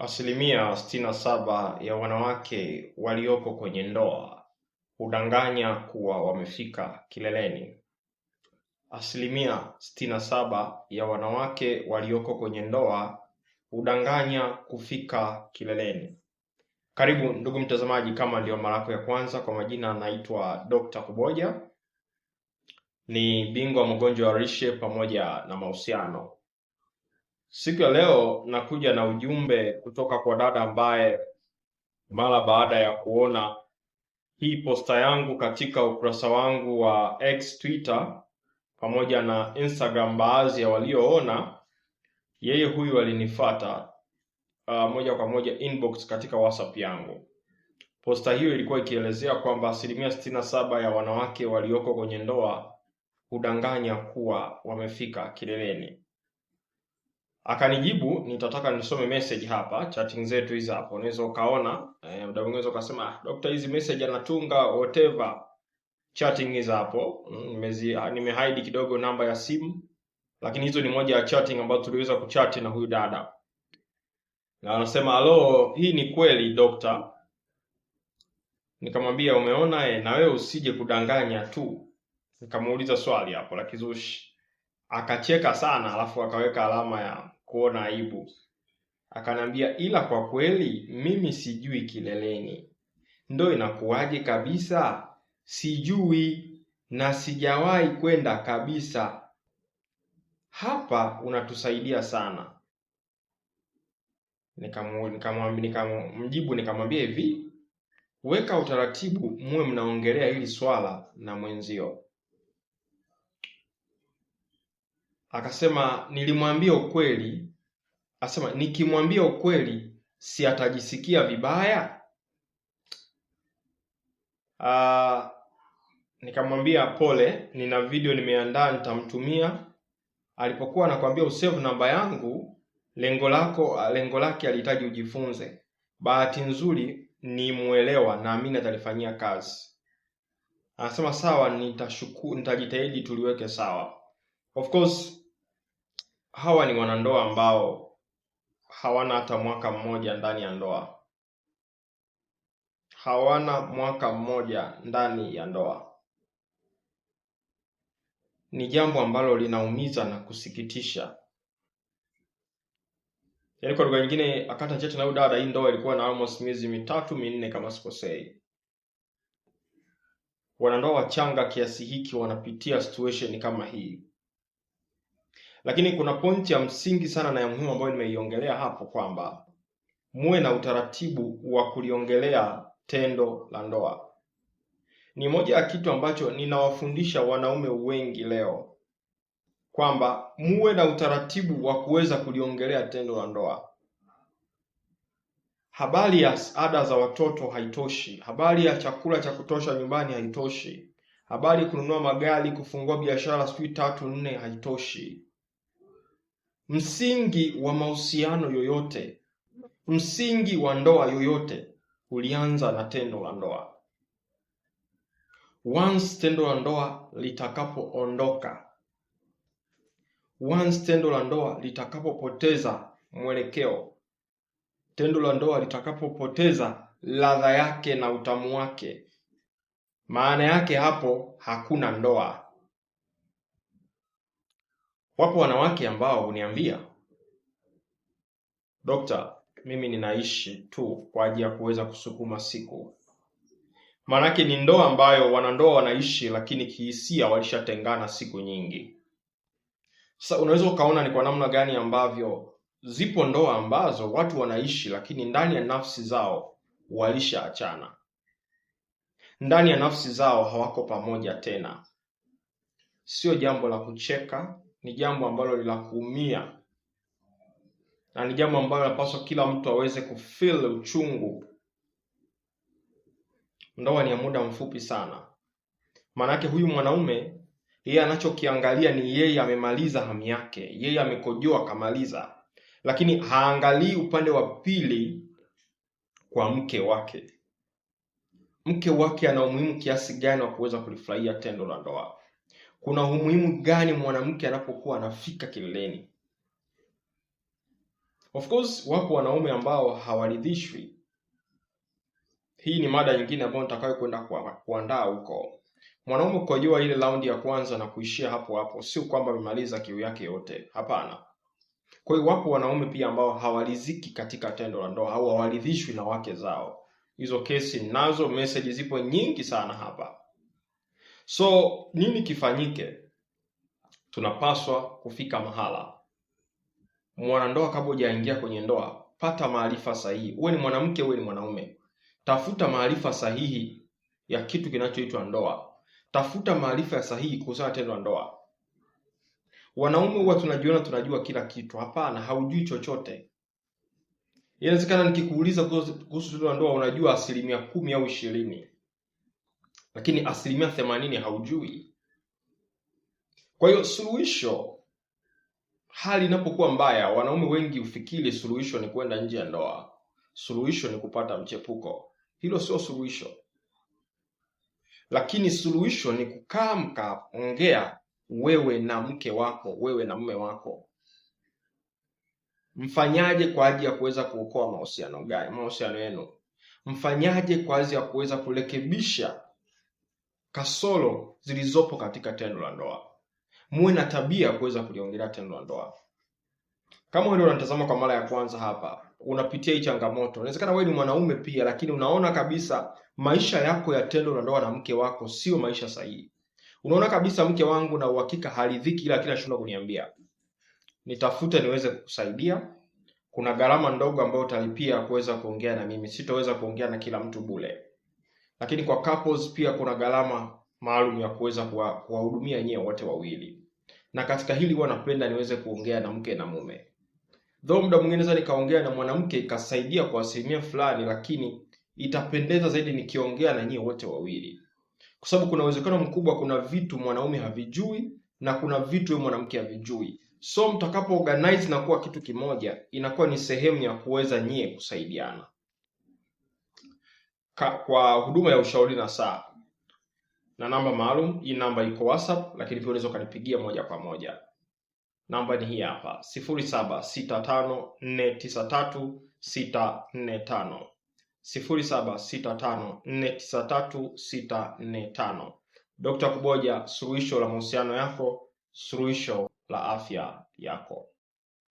Asilimia sitini na saba ya wanawake walioko kwenye ndoa hudanganya kuwa wamefika kileleni. Asilimia sitini na saba ya wanawake walioko kwenye ndoa hudanganya kufika kileleni. Karibu ndugu mtazamaji, kama ndio mara yako ya kwanza, kwa majina anaitwa Dr. Kuboja, ni bingwa magonjwa ya lishe pamoja na mahusiano. Siku ya leo nakuja na ujumbe kutoka kwa dada ambaye mara baada ya kuona hii posta yangu katika ukurasa wangu wa X Twitter pamoja na Instagram, baadhi ya walioona yeye huyu alinifuata uh, moja kwa moja inbox katika WhatsApp yangu. Posta hiyo ilikuwa ikielezea kwamba asilimia sitini na saba ya wanawake walioko kwenye ndoa hudanganya kuwa wamefika kileleni. Akanijibu, nitataka nisome message hapa, chatting zetu hizi hapo, unaweza ukaona e, muda mwingine ukasema ah, dokta, hizi message anatunga whatever, chatting hizi hapo mm, nimezi ah, nimehide kidogo namba ya simu, lakini hizo ni moja ya chatting ambazo tuliweza kuchat na huyu dada, na anasema alo, hii ni kweli dokta? Nikamwambia umeona, e, na wewe usije kudanganya tu. Nikamuuliza swali hapo la kizushi, akacheka sana, alafu akaweka alama ya kuona aibu. Akanambia, ila kwa kweli mimi sijui kileleni, ndo inakuwaje kabisa, sijui na sijawahi kwenda kabisa. Hapa unatusaidia sana. Nikamjibu nikamwambia hivi, weka utaratibu, muwe mnaongelea hili swala na mwenzio Akasema nilimwambia ukweli, asema nikimwambia ukweli si atajisikia vibaya? Ah, nikamwambia pole, nina video nimeandaa nitamtumia. Alipokuwa anakwambia usave namba yangu, lengo lako lengo lake alihitaji ujifunze. Bahati nzuri ni naamini atalifanyia kazi. Anasema sawa, nitashuku nitajitahidi tuliweke sawa. Of course hawa ni wanandoa ambao hawana hata mwaka mmoja ndani ya ndoa, hawana mwaka mmoja ndani ya ndoa. Ni jambo ambalo linaumiza na kusikitisha. Yaani kwa lugha nyingine, akata cheti na dada, hii ndoa ilikuwa na almost miezi mitatu minne, kama sikosei. Wanandoa wachanga kiasi hiki wanapitia situation kama hii. Lakini kuna pointi ya msingi sana na ya muhimu ambayo nimeiongelea hapo kwamba muwe na utaratibu wa kuliongelea tendo la ndoa. Ni moja ya kitu ambacho ninawafundisha wanaume wengi leo kwamba muwe na utaratibu wa kuweza kuliongelea tendo la ndoa. Habari ya ada za watoto haitoshi, habari ya chakula cha kutosha nyumbani haitoshi, habari kununua magari, kufungua biashara sijui tatu nne haitoshi. Msingi wa mahusiano yoyote, msingi wa ndoa yoyote ulianza na tendo la ndoa. Once tendo la ndoa litakapoondoka, once tendo la ndoa litakapopoteza mwelekeo, tendo la ndoa litakapopoteza ladha yake na utamu wake, maana yake hapo hakuna ndoa. Wapo wanawake ambao huniambia dokta, mimi ninaishi tu kwa ajili ya kuweza kusukuma siku. Maanake ni ndoa ambayo wanandoa wanaishi, lakini kihisia walishatengana siku nyingi. Sasa unaweza ukaona ni kwa namna gani ambavyo zipo ndoa ambazo watu wanaishi, lakini ndani ya nafsi zao walishaachana, ndani ya nafsi zao hawako pamoja tena. Sio jambo la kucheka ni jambo ambalo lila kuumia na ni jambo ambalo linapaswa kila mtu aweze kufeel uchungu. Ndoa ni ya muda mfupi sana, maana yake huyu mwanaume yeye anachokiangalia ni yeye amemaliza hamu yake, yeye amekojoa akamaliza, lakini haangalii upande wa pili kwa mke wake. Mke wake ana umuhimu kiasi gani wa kuweza kulifurahia tendo la ndoa? kuna umuhimu gani mwanamke anapokuwa anafika kileleni? Of course wapo wanaume ambao hawaridhishwi. Hii ni mada nyingine ambayo nitakayo kwenda kuandaa huko. Mwanaume kukojua ile raundi ya kwanza na kuishia hapo hapo, sio kwamba amemaliza kiu yake yote, hapana. Kwa hiyo wapo wanaume pia ambao hawaridhiki katika tendo la ndoa au hawaridhishwi na wake zao. Hizo kesi nazo, meseji zipo nyingi sana hapa. So nini kifanyike? Tunapaswa kufika mahala, mwanandoa, kabla hujaingia kwenye ndoa, pata maarifa sahihi. Uwe ni mwanamke, uwe ni mwanaume, tafuta maarifa sahihi ya kitu kinachoitwa ndoa. Tafuta maarifa ya sahihi kuhusiana tendo la ndoa. Wanaume huwa tunajiona tunajua kila kitu. Hapana, haujui chochote. Inawezekana nikikuuliza kuhusu tendo la ndoa unajua asilimia kumi au ishirini lakini asilimia themanini haujui. Kwa hiyo suluhisho, hali inapokuwa mbaya, wanaume wengi ufikiri suluhisho ni kwenda nje ya ndoa, suluhisho ni kupata mchepuko. Hilo sio suluhisho, lakini suluhisho ni kukaa mkaongea, wewe na mke wako, wewe na mume wako, mfanyaje kwa ajili ya kuweza kuokoa mahusiano gani, mahusiano yenu mfanyaje kwa ajili ya kuweza kurekebisha kasoro zilizopo katika tendo la ndoa. Muwe na tabia kuweza kuliongelea tendo la ndoa. Kama wewe unatazama kwa mara ya kwanza hapa, unapitia hii changamoto, inawezekana wewe ni mwanaume pia, lakini unaona kabisa maisha yako ya tendo la ndoa na mke wako sio maisha sahihi. Unaona kabisa mke wangu na uhakika haridhiki, ila kila shindwa kuniambia, nitafute niweze kukusaidia. Kuna gharama ndogo ambayo utalipia kuweza kuongea na mimi, sitoweza kuongea na kila mtu bule lakini kwa couples pia kuna gharama maalum ya kuweza kuwahudumia nyewe wote wawili, na katika hili huwa napenda niweze kuongea na mke na mume, though muda mwingine naweza nikaongea na mwanamke ikasaidia kwa asilimia fulani, lakini itapendeza zaidi nikiongea na nyie wote wawili, kwa sababu kuna uwezekano mkubwa kuna vitu mwanaume havijui na kuna vitu yeye mwanamke havijui. So mtakapo organize na kuwa kitu kimoja, inakuwa ni sehemu ya kuweza nyie kusaidiana kwa huduma ya ushauri na saa na namba maalum. Hii namba iko WhatsApp, lakini pia unaweza ukanipigia moja kwa moja. Namba ni hii hapa, 0765493645, 0765493645. Dr. Kuboja, suluhisho la mahusiano yako, suluhisho la afya yako.